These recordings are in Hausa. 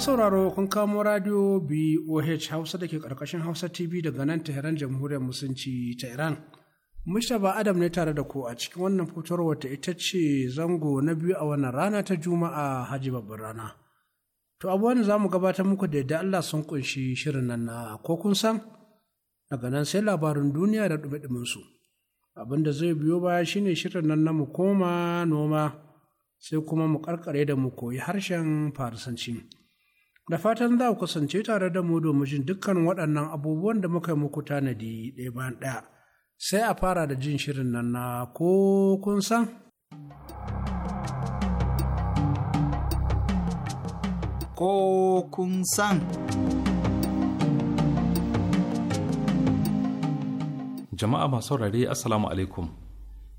sauraro kun kamo radio BOH Hausa da ke karkashin Hausa TV daga nan Tehran Jamhuriyar Musulunci ta Iran. Mustapha Adam ne tare da ku a cikin wannan fitowar wata ita ce zango na biyu a wannan rana ta Juma'a Haji babban rana. To abuwan za mu gabatar muku da yadda Allah sun kunshi shirin nan na ko kun san daga nan sai labarin duniya da ɗume su. Abin da zai biyo baya shine shirin nan na mu koma noma sai kuma mu karkare da mu koyi harshen faransanci. da fatan za ku kasance tare da mu domin jin dukkan waɗannan abubuwan da muka yi muku tanadi ɗaya bayan ɗaya sai a fara da jin shirin nan na ko kun san ko kun san jama'a masu saurare assalamu alaikum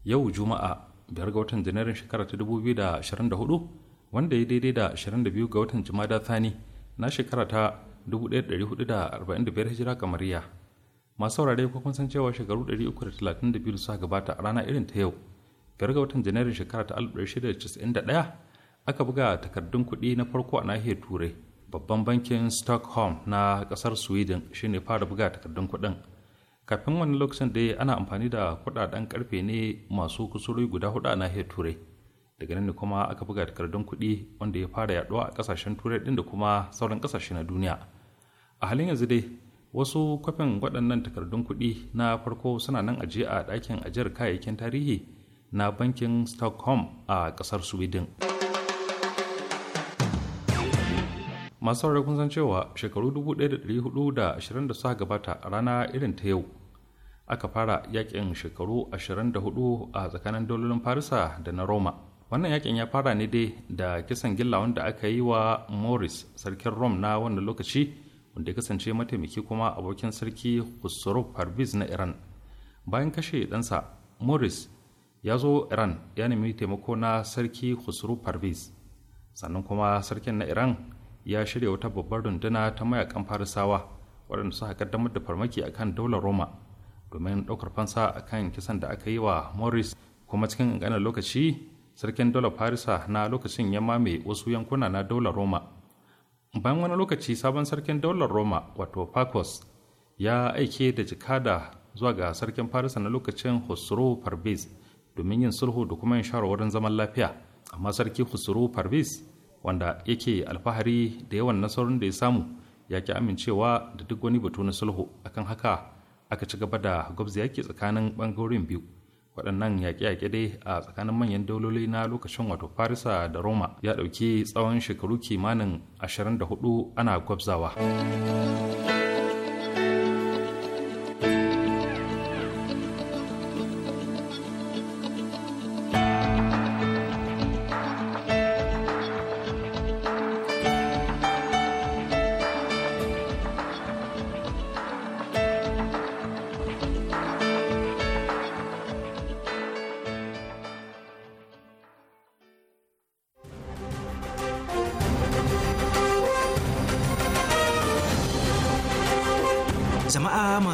yau juma'a biyar ga watan janairun shekara ta 2024 wanda ya daidai da 22 ga watan jumada thani na shekara ta 1445 hijira kamariya masu saurare ko kun san cewa shekaru 332 suka gabata a rana irin ta yau biyar ga watan janairun shekara ta 1691 aka buga takardun kuɗi na farko a nahiyar turai babban bankin stockholm na ƙasar sweden shine fara buga takardun kuɗin kafin wani lokacin da ana amfani da kuɗaɗen karfe ne masu kusurori guda hudu a nahiyar turai daga nan ne kuma aka buga takardun kuɗi wanda ya fara yaɗuwa a ƙasashen turai ɗin da kuma sauran ƙasashe na duniya a halin yanzu dai wasu kwafin waɗannan takardun kuɗi na farko suna nan ajiye a ɗakin ajiyar kayayyakin tarihi na bankin stockholm a ƙasar sweden masu saurari kun san cewa shekaru 1420 da suka gabata a rana irin ta yau aka fara yakin shekaru 24 a tsakanin dalolin farisa da na roma wannan yakin ya fara ne dai da kisan gilla wanda aka yi wa morris sarkin rom na wannan lokaci wanda ya kasance mataimaki kuma abokin sarki khusro parviz na iran bayan kashe ɗansa morris ya zo iran ya nemi taimako na sarki khusro parviz sannan kuma sarkin na iran ya shirya wata babbar runduna ta mayakan farisawa waɗanda suka kaddamar da farmaki akan daular roma domin ɗaukar fansa a kan kisan da aka yi wa morris kuma cikin ƙanƙanin lokaci sarkin daular farisa na lokacin ya mame wasu yankuna na daular roma bayan wani lokaci sabon sarkin daular roma wato pacos ya aike da jikada zuwa ga sarkin farisa na lokacin husro parvis domin yin sulhu da kuma yin shawarwarin zaman lafiya amma sarki husro parvis wanda yake alfahari da yawan nasarorin da ya samu ya ki amincewa da duk wani batu na sulhu akan haka aka ci gaba da gwabza yaki tsakanin bangarorin biyu waɗannan yaƙe-yaƙe dai a tsakanin manyan dauloli na lokacin wato farisa da roma ya ɗauki tsawon shekaru kimanin 24 ana gwabzawa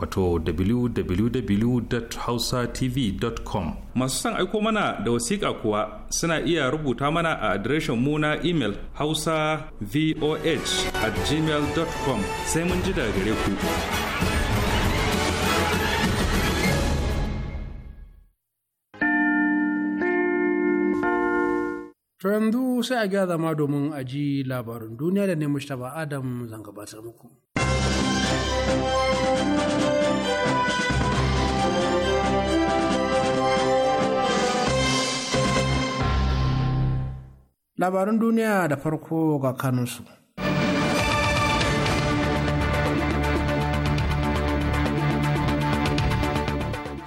wato www.hausatv.com masu son aiko mana da wasiƙa kuwa suna iya rubuta mana a adireshin mu na imel hausa voh at gmail.com sai mun ji daga gare ku To yanzu sai a gyara zama domin a ji labarin duniya da ne Mustapha Adam zan gabatar muku. Labarin duniya da farko ga kanunsu.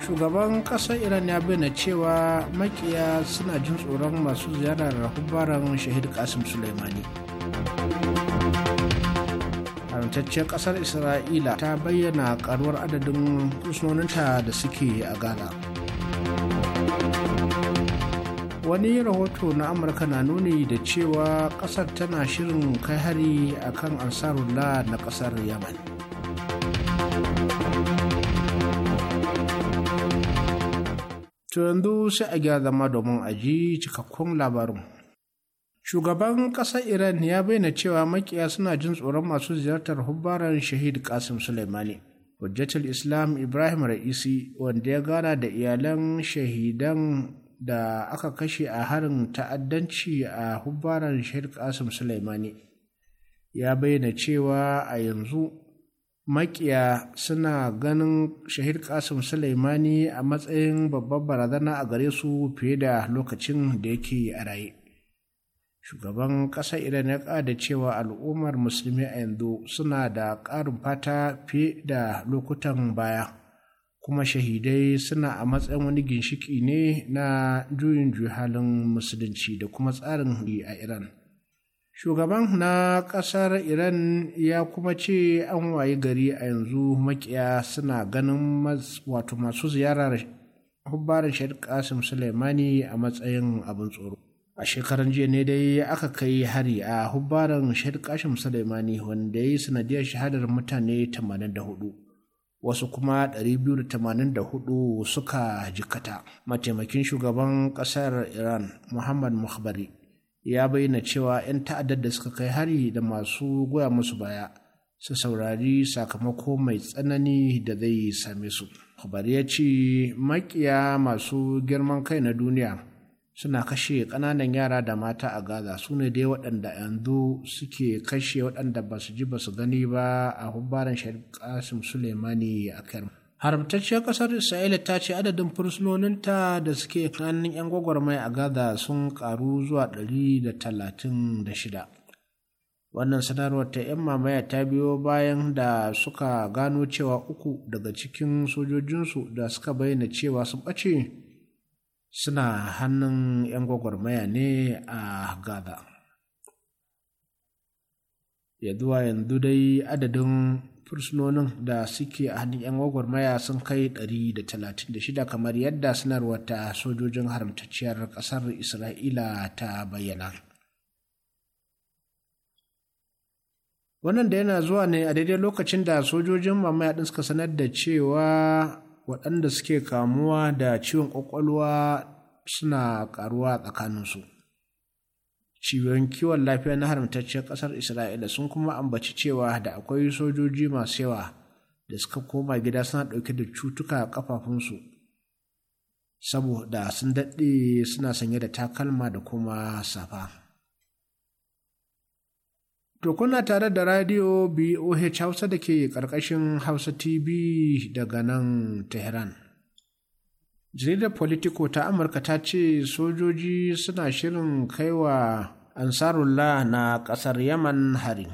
shugaban ƙasar iran ya bayyana cewa makiya suna jin tsoron masu ziyarar rahubaran shahid ƙasim sulaimani haramtacciyar kasar isra'ila ta bayyana karuwar adadin fursunoninta da suke a gaza wani rahoto na amurka na nuni da cewa kasar tana shirin kai hari a kan ansarullah na kasar yaman to yanzu sai a gyara zama domin a aji cikakkun labarin shugaban ƙasar iran ya bayyana cewa makiya suna jin tsoron masu ziyartar hubbaran shahid kasim suleimani hujjatul islam ibrahim ra'isi wanda ya gana da iyalan shahidan da aka kashe a harin ta'addanci a hubbaran shahid kasim suleimani ya bayyana cewa a yanzu makiya suna ganin shahid kasim suleimani a matsayin babbar barazana a gare su fiye da lokacin da yake a raye shugaban ƙasar iran ya ƙada cewa al'ummar musulmi a yanzu suna da ƙarin fata fiye da lokutan baya kuma shahidai suna a matsayin wani ginshiki ne na juyin halin musulunci da kuma tsarin a iran shugaban na ƙasar iran ya kuma ce an wayi gari a yanzu makiya suna ganin wato masu ziyarar hubbarin shahid kasim suleimani a matsayin abin tsoro a shekaran jiya ne dai aka kai hari a hubbaran shahid kashim sulaimani wanda ya yi sanadiyar shahadar mutane 84 wasu kuma 284 suka jikata mataimakin shugaban kasar iran muhammad muhbari ya bayyana cewa 'yan ta'addar da suka kai hari da masu goya musu baya su saurari sakamako mai tsanani da zai same su. Hubar ya ce makiya masu girman kai na duniya suna kashe ƙananan yara da mata a gaza su ne dai waɗanda yanzu suke kashe waɗanda ba su ji ba su gani ba a hubbaran shari'asim suleimani a kerm haramtacciyar ƙasar isra'ila ta ce adadin fursunoninta da suke ƙananan 'yan gwagwarmai a gaza sun ƙaru zuwa 136 wannan sanarwar ta 'yan mamaya ta biyo bayan da suka gano cewa uku daga cikin sojojinsu da suka bayyana cewa sun ɓace suna hannun 'yan gwagwarmaya ne a gaza yaduwa yanzu dai adadin fursunonin da suke a hannun 'yan gwagwarmaya sun kai 136 kamar yadda sanarwar ta sojojin haramtacciyar ƙasar isra'ila ta bayyana wannan da yana zuwa ne a daidai lokacin da sojojin mamaya ɗin suka sanar da cewa waɗanda suke kamuwa da ciwon ƙwaƙwalwa suna ƙaruwa a tsakaninsu cibiyoyin kiwon lafiya na haramtacciyar ƙasar isra'ila sun kuma ambaci cewa da akwai sojoji masu yawa da suka koma gida suna ɗauke da cutuka a ƙafafunsu saboda sun daɗe suna sanye da takalma da kuma safa. To kuna tare da radio BOH Hausa da ke ƙarƙashin Hausa TV daga nan Tehran. Jaridar Politico ta Amurka ta ce sojoji suna shirin kaiwa Ansarullah na ƙasar Yaman hari.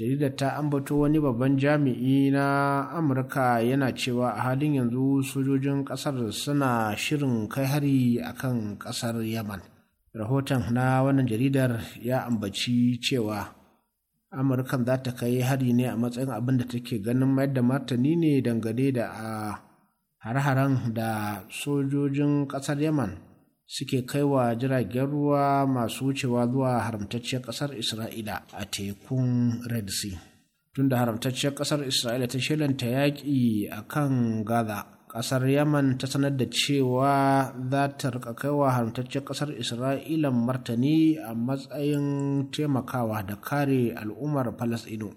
Jaridar ta ambato wani babban jami'i na Amurka yana cewa a halin yanzu sojojin ƙasar suna shirin kai hari akan ƙasar Yaman. rahoton na wannan jaridar ya ambaci cewa amurkan za ta kai hari ne a matsayin abin da take ganin mayar da martani ne dangane da a har-haren da sojojin ƙasar yaman suke kaiwa jiragen ruwa masu wucewa zuwa haramtacciyar ƙasar isra'ila a tekun red sea tunda haramtacciyar ƙasar isra'ila ta shilanta yaƙi a kan gaza Ƙasar yaman ta sanar da cewa za ta rika kaiwa haramtaccen kasar isra'ila martani a matsayin taimakawa da kare al'ummar falasɗinu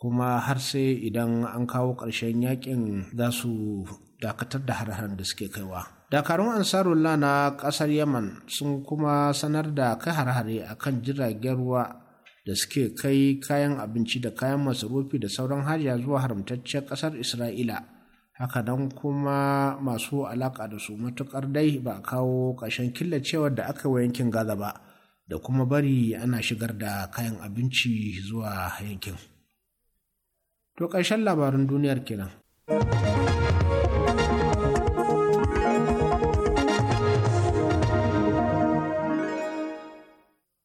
kuma har sai idan an kawo ƙarshen yakin za su dakatar da har da suke kaiwa dakarun ansarullah na kasar yaman sun kuma sanar da kai harhare a kan jiragen ruwa da suke kai kayan abinci da kayan masarufi da sauran hajiya zuwa haramtaccen ƙasar isra'ila Haka hakanan kuma masu alaka da su matukar dai ba a kawo ƙarshen killacewar da aka wa yankin gaza ba da kuma bari ana shigar da kayan abinci zuwa yankin to ƙarshen labarin duniyar kenan.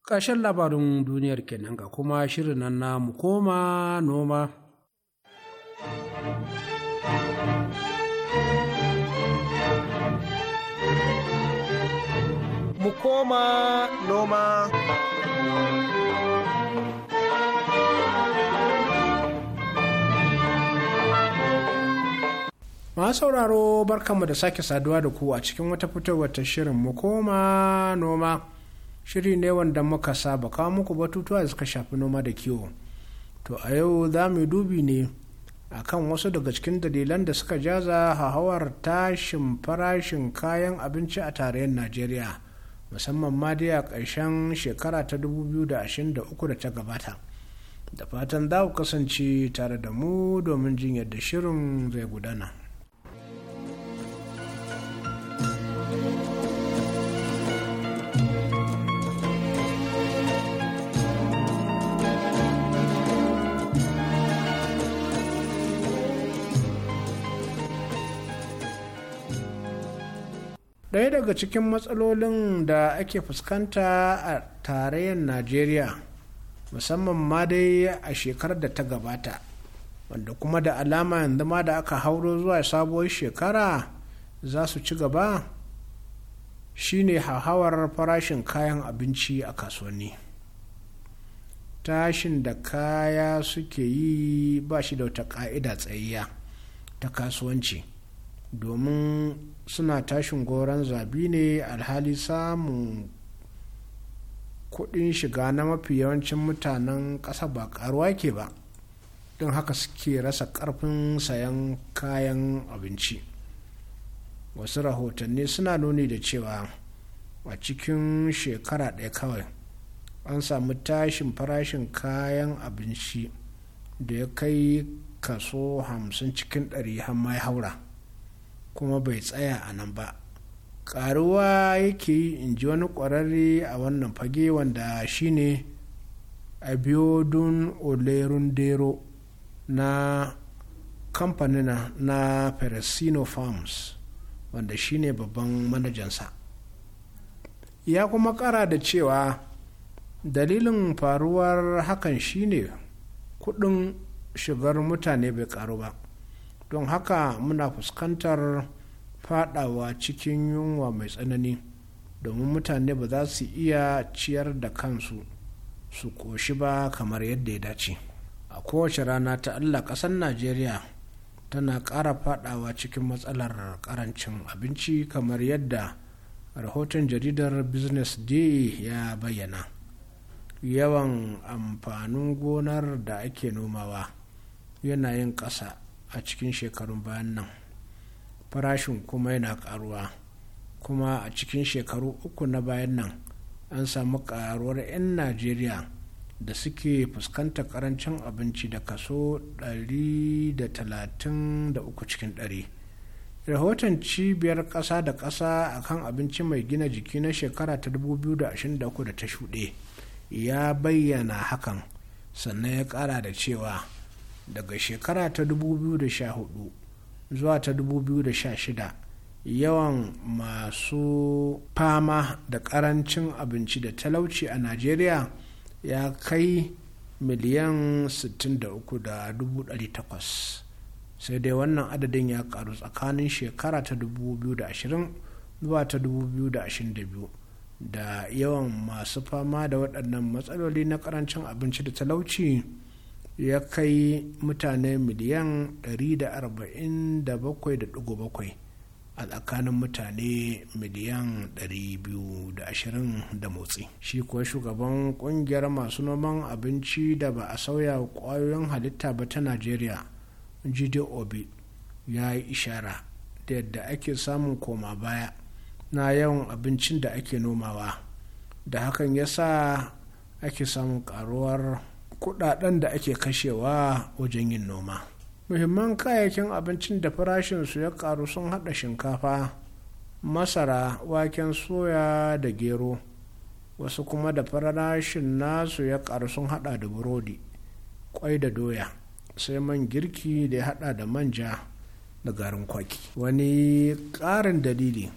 ƙarshen labarin duniyar kenan ga kuma shirin nan na mu koma noma. koma noma. masu sauraro barkanmu da sake saduwa da ku a cikin wata fitowar ta shirin mu koma noma shiri ne wanda muka saba kawo muku batutuwa da suka shafi noma da kiwo to a yau za mu dubi ne a kan wasu daga cikin dalilan da suka jaza hahawar tashin farashin kayan abinci a tarayyar najeriya musamman ma dai a ƙarshen shekara ta 2023 da ta gabata da fatan za ku kasance tare da mu domin jin yadda shirin zai gudana. daya daga cikin matsalolin da ake fuskanta a tarayyar najeriya musamman ma dai a shekarar da ta gabata wanda kuma da alama yanzu ma da aka hauro zuwa sabuwar shekara za su ci gaba shine hauhawar farashin kayan abinci a kasuwanni tashin da kaya suke yi ba shi da wata ka'ida tsayayya ta kasuwanci domin suna tashin goron zabi ne alhali samun kudin shiga na mafi yawancin mutanen kasa ba karuwa ke ba don haka suke rasa ƙarfin sayan kayan abinci wasu rahotanni suna nuni da cewa a cikin shekara ɗaya kawai an samu tashin farashin kayan abinci da ya kai kaso hamsin cikin 100 har mai haura kuma bai tsaya a nan ba karuwa yake yi in ji wani kwararre a wannan fage wanda shine abiodun olerundero na kamfanin na peresino farms wanda shine babban manajansa ya kuma kara da cewa dalilin faruwar hakan shine kudin shigar mutane bai karu ba don haka muna fuskantar fadawa cikin yunwa mai tsanani domin mutane ba za su iya ciyar da kansu su ƙoshi ba kamar yadda ya dace a kowace rana ta allah ƙasar najeriya tana ƙara fadawa cikin matsalar ƙarancin abinci kamar yadda rahoton jaridar business day ya bayyana yawan amfanin gonar da ake nomawa yana yin ƙasa a cikin shekarun bayan nan farashin kuma yana karuwa kuma a cikin shekaru uku na bayan nan an samu karuwar 'yan najeriya da suke fuskanta karancin abinci da kaso 133 cikin 100 rahoton cibiyar ƙasa da ƙasa kan abinci mai gina jiki na shekara ta 2023 da ta shuɗe ya bayyana hakan sannan ya ƙara da cewa daga shekara ta 2014 zuwa ta 2016 yawan masu fama da karancin abinci da talauci a najeriya ya kai miliyan 63,800 sai dai wannan adadin ya karu tsakanin shekara ta 2020 zuwa ta 2022 da yawan masu fama da waɗannan matsaloli na karancin abinci da talauci ya kai mutane miliyan 147.7 a tsakanin mutane miliyan 220 da motsi shi kuwa shugaban kungiyar masu noman abinci da ba a sauya kwayoyin halitta ba ta najeriya gdob ya yi ishara da yadda ake samun koma baya na yawan abincin da ake nomawa da hakan ya sa ake samun karuwar kudaden da ake kashewa wajen yin noma muhimman kayayyakin abincin da farashinsu ya karu sun hada shinkafa masara waken soya da gero wasu kuma da farashin nasu ya karu sun hada da burodi kwai da doya sai man girki da ya hada da manja da garin kwaki wani karin dalili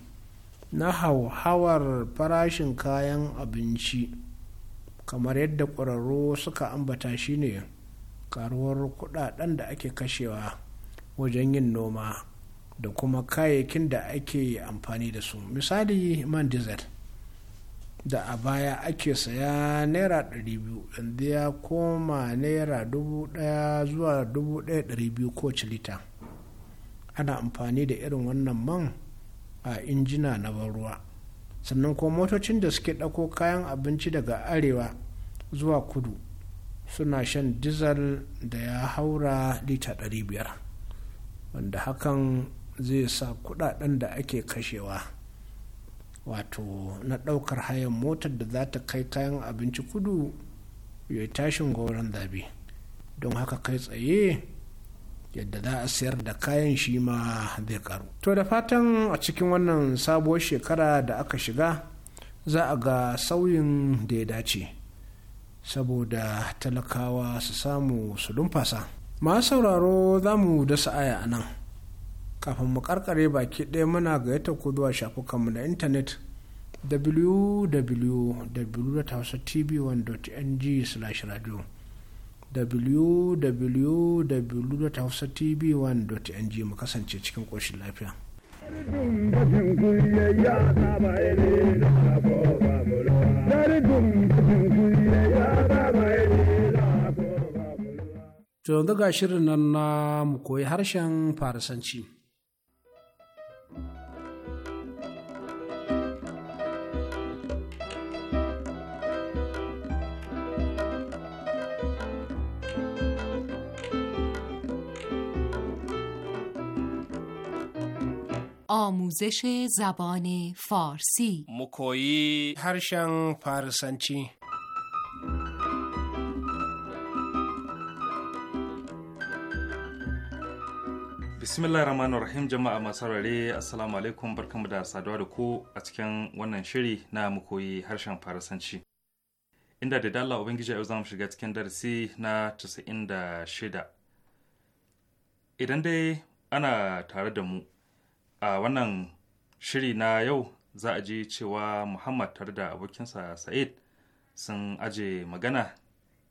na hauhawar farashin kayan abinci kamar yadda ƙwararru suka ambata shine karuwar kudaden da ake kashewa wajen yin noma da kuma kayayyakin da ake amfani da su misali man diesel da a baya ake saya naira 200 yanzu ya koma naira 1000 zuwa 1200 kowace lita ana amfani da irin wannan man a injina na ban ruwa sannan kuma motocin da suke ɗauko kayan abinci daga arewa zuwa kudu suna shan dizal da ya haura lita 500 wanda hakan zai sa kudaden da ake kashewa wato na ɗaukar hayan motar da za ta kai kayan abinci kudu ya tashin goron zabe don haka kai tsaye yadda za a sayar da kayan shi ma zai karu to da fatan a cikin wannan sabuwar shekara da aka shiga za a ga sauyin da ya dace saboda talakawa su samu su dumfasa masu sauraro za mu dasa aya a nan kafin mu karkare baki ɗaya muna gayyata ku zuwa shafukanmu na intanet wwwtv 1ng radio www.hausatv1.ng mu kasance cikin ƙoshin lafiya. To yanzu ga shirin nan na mu koyi harshen Farisanci. آموزش زبان فارسی مکویی هرشن فارسنچی jama'a masu saurare assalamu da saduwa da ku a cikin wannan shiri na mu koyi harshen farasanci inda da dalla ubangiji yau zamu shiga cikin darasi na 96 idan dai ana tare da mu a wannan shiri na yau za a ji cewa muhammad tare da abokinsa sa'id sun aje magana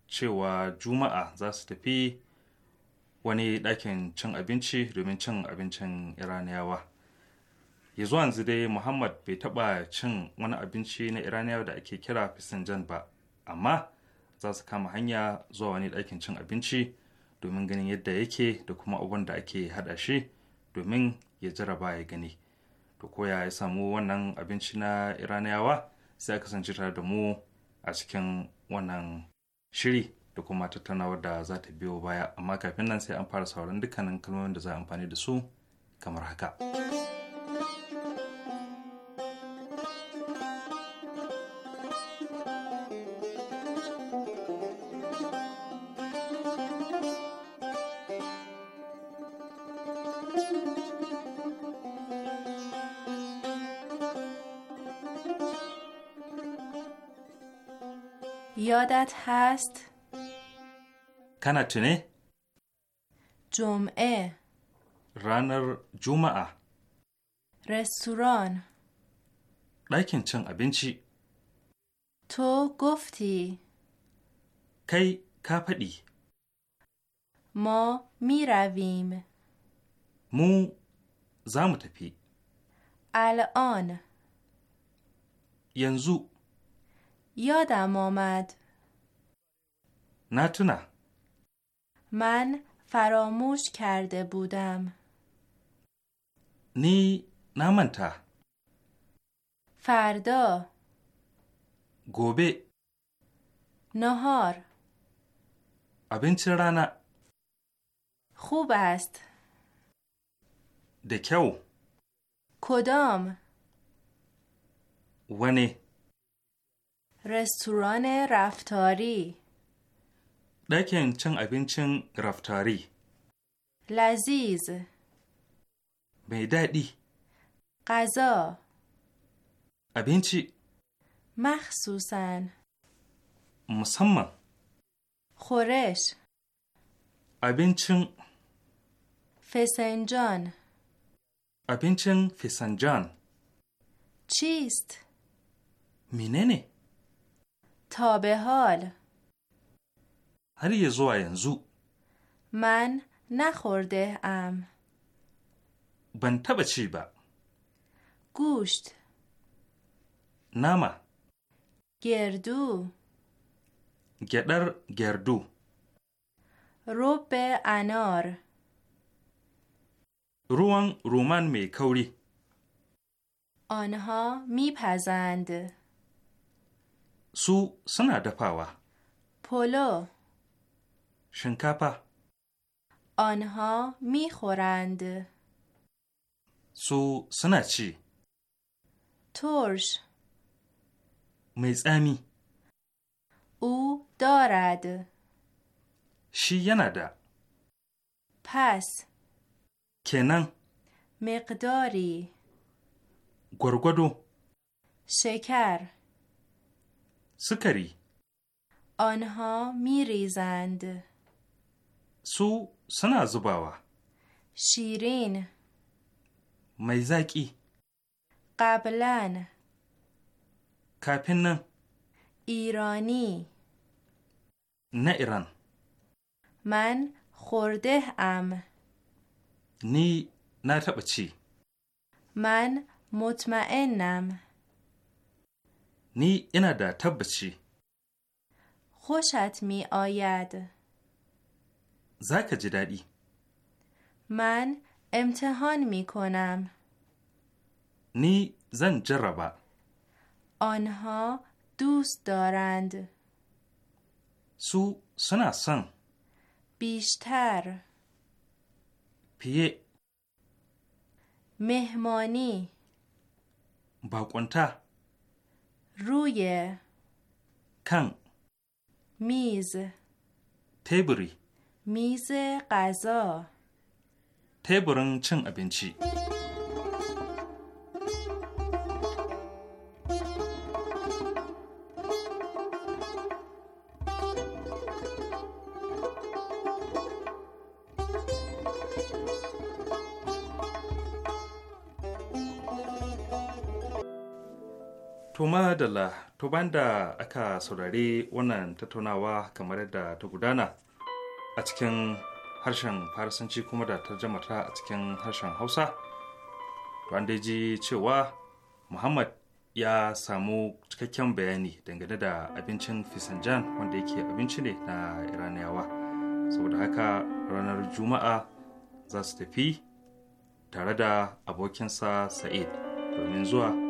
cewa juma'a za su tafi wani ɗakin cin abinci domin cin abincin iraniyawa ya zuwa dai muhammad bai taɓa cin wani abinci na iraniyawa da ake kira fisinjan ba amma za su kama hanya zuwa wani ɗakin cin abinci domin ganin yadda yake da kuma abin da ake haɗa shi domin ya jaraba ya gani to koya ya samu wannan abinci na iraniyawa sai a kasance tare da mu a cikin wannan shiri da kuma tattaunawar da za ta biyo baya amma kafin nan sai an fara sauran dukkanin kalmomin da za a amfani da su kamar haka. یادت هست؟ کنتونه؟ جمعه رانر جمعه رستوران لیکن چن ابینچی تو گفتی کی کپدی ما می رویم مو زامتپی الان ینزو یادم آمد نتونم من فراموش کرده بودم نی نمانتا فردا گوبه نهار ابین چرانا خوب است دکو کدام ونی؟ رستوران رفتاری دکن چن ابینچن رفتاری لذیذ میدادی غذا ابینچی مخصوصا مسمم خورش ابینچن فسنجان ابینچن فسنجان چیست میننه تا به حال هر یه زو ینزو من نخورده ام بن تبه چی با گوشت نما گردو گدر گردو روب انار روان رومان می کوری آنها میپزند سو سنا دپاوا پولو شنکاپا آنها میخورند سو سنا چی ترش میزامی او دارد شی نده پس کنن مقداری گرگدو شکر سکری آنها می ریزند سو سنا زباوا شیرین میزاکی قبلا کپن ایرانی نه ایران من خورده ام نی نه چی من مطمئنم نی اینا د چی؟ خوشت می آید زک جدادی من امتحان می کنم نی زن جربا آنها دوست دارند سو سنا سن بیشتر پیه مهمانی باقونتا روی کن میز تبری میز غذا تبرن چن ابینچی To madalla, to da aka saurari wannan tattaunawa kamar yadda ta gudana a cikin harshen Faransanci kuma da tarjamata ta a cikin harshen Hausa, to dai ji cewa Muhammad ya samu cikakken bayani dangane da abincin Fisanjan wanda yake abinci ne na Iraniyawa. Saboda haka ranar Juma'a za su tafi tare da abokinsa Sa'id domin zuwa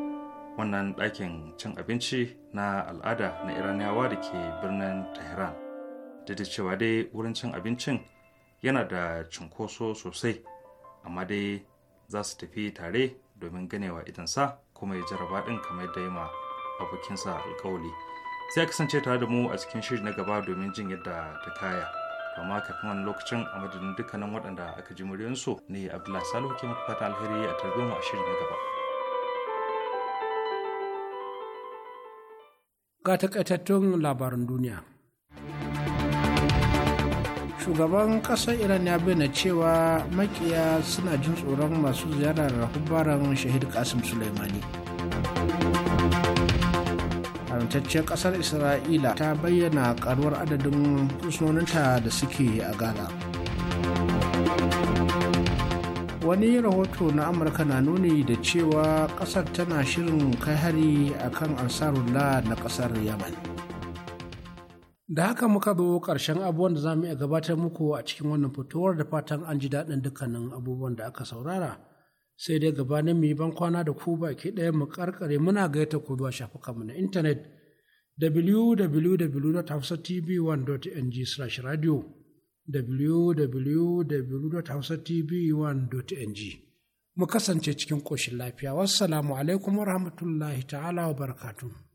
wannan ɗakin cin abinci na al'ada na iraniyawa da ke birnin tehran da da cewa dai wurin cin abincin yana da cunkoso sosai amma dai za su tafi tare domin ganewa idansa kuma ya jaraba ɗin kamar da ma abokinsa alkawali sai kasance tare da mu a cikin shiri na gaba domin jin yadda ta kaya amma kafin wani lokacin a madadin dukkanin waɗanda aka ji muryansu ne abdullahi salihu ke muku fata alheri a tarbiyyar a shiri na gaba. ga takaitattun labaran duniya. Shugaban ƙasar Iran ya bayyana cewa makiya suna jin tsoron masu ziyarar rahubaran shahid Qasim Suleimani. Haramtacciyar ƙasar Isra'ila ta bayyana karuwar adadin kusunoninta da suke a Gaza. wani rahoto na amurka na nuni da cewa kasar tana shirin kai hari akan ansarullah na kasar yaman da haka muka zo karshen abubuwan da za mu iya gabatar muku a cikin wannan fitowar da fatan an ji daɗin dukkanin abubuwan da aka saurara sai dai gabanin mu yi ban kwana da ku baki ɗaya mu karkare muna gaita ku zuwa shafukanmu na intanet www.hafsatv1.ng/radio www.hausatv1.ng mu kasance cikin ƙoshin lafiya wassalamu alaikum wa rahmatullahi ta'ala wa barakatuhu